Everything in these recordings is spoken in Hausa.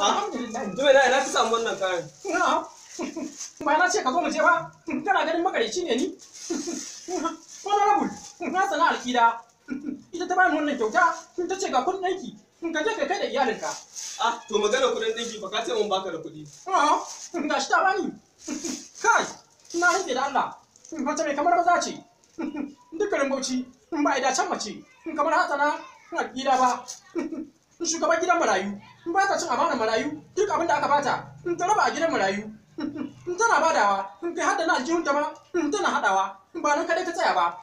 alhamdulillah dume na ina ta samu wannan kayan na ba na ce ka zo mu je ba kana ganin makarici ne ni honorable na sana alkida ita ta bani wannan kyauta ta ce ga kudin ɗanki ka je ka kai da iyalinka ah to magana kuɗin ɗanki ba ka ce mun baka da kuɗi ah ga shi ta bani kai na rike da Allah mace mai kamar maza ce dukkanin bauchi ba ida can mace kamar hatsana a ba in shugaban gidan marayu in ba ta cin amana marayu duk abin da aka bata in ta raba a gidan marayu in tana badawa in kai hada na aljihun ta ma in tana hadawa in ba nan kadai ta tsaya ba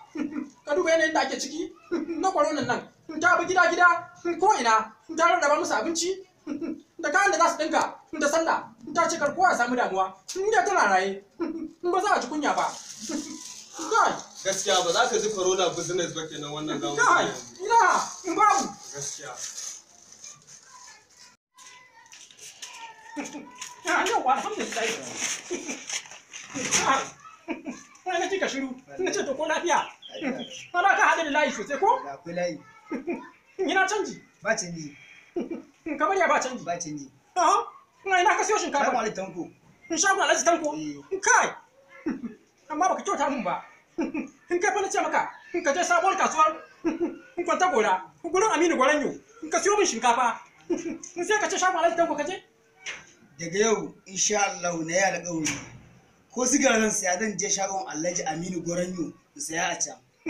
ka duba yanayin da ake ciki na kwaronan nan in ta bi gida gida in ko ina in ta rarraba musu abinci da kayan da za su dinka da sallah in ta ce kowa samu damuwa in da tana raye in ba za a ji kunya ba gaskiya ba za ka ji corona business ba kenan wannan gawo ina in babu gaskiya I know what I'm just saying. Wani na cika shiru, na ce to ko lafiya. Ana ka haɗe da layi sosai ko? Akwai layi. Ina canji. Ba canji. Kamar ya ba canji. Ba canji. Ah, ina ina ka siyo shinkafa. Kamar tanko. In shagun alhaji tanko. Eh. Kai. Amma baka kyauta min ba. In kai fa na ce maka, in ka je sabuwar kasuwar in kwanta gora, gurin Aminu Gwaranyo, in ka siyo min shinkafa. In sai ka ce shagun alaji tanko ka je. daga yau insha Allah na da kauri ko sigar zan saya zan je shagon Alhaji Aminu Goranyo in saya a can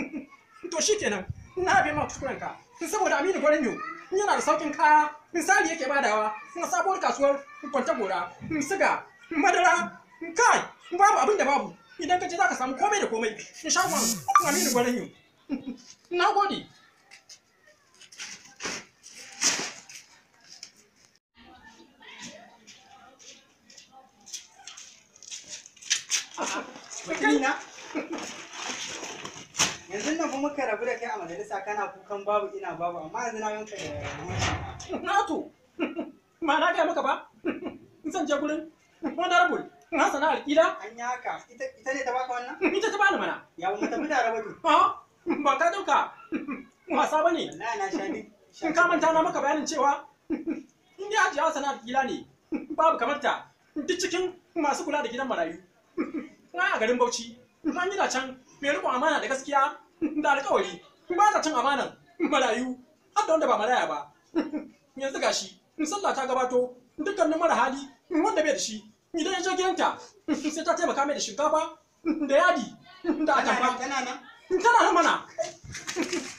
to shikenan na bi ma kuskuren ka saboda Aminu Goranyo yana da saukin kaya misali yake badawa na sabuwar kasuwar Kwantagora siga madara kai babu abin da babu idan ka je za samu komai da komai shagon Aminu Goranyo na gode Mutumina. Yanzu nan kuma ka rabu da kai a majalisa kana kukan babu ina babu amma yanzu na yanka da Na to. Ma na ga maka ba? Zan je gurin rabu Na sana alƙila. An yi haka. Ita ne ta baka wannan? Ita ta bani mana. Ya mu tafi da rabatu. Ha? Ba ka dauka. Wasa bane. Wallahi na sha ni. Shin ka manta na maka bayanin cewa in dai a sana alƙila ne. Babu kamar ta. Duk cikin masu kula da gidan marayu. na a garin Bauchi an yi can mai rikon amana da gaskiya da alƙawari ba ta can amanan marayu har da wanda ba maraya ba yanzu gashi sallah ta gabato dukkanin mara hali wanda bai da shi idan ya je gidanta sai ta taimaka mai da shinkafa da yadi da atamfa tana nan mana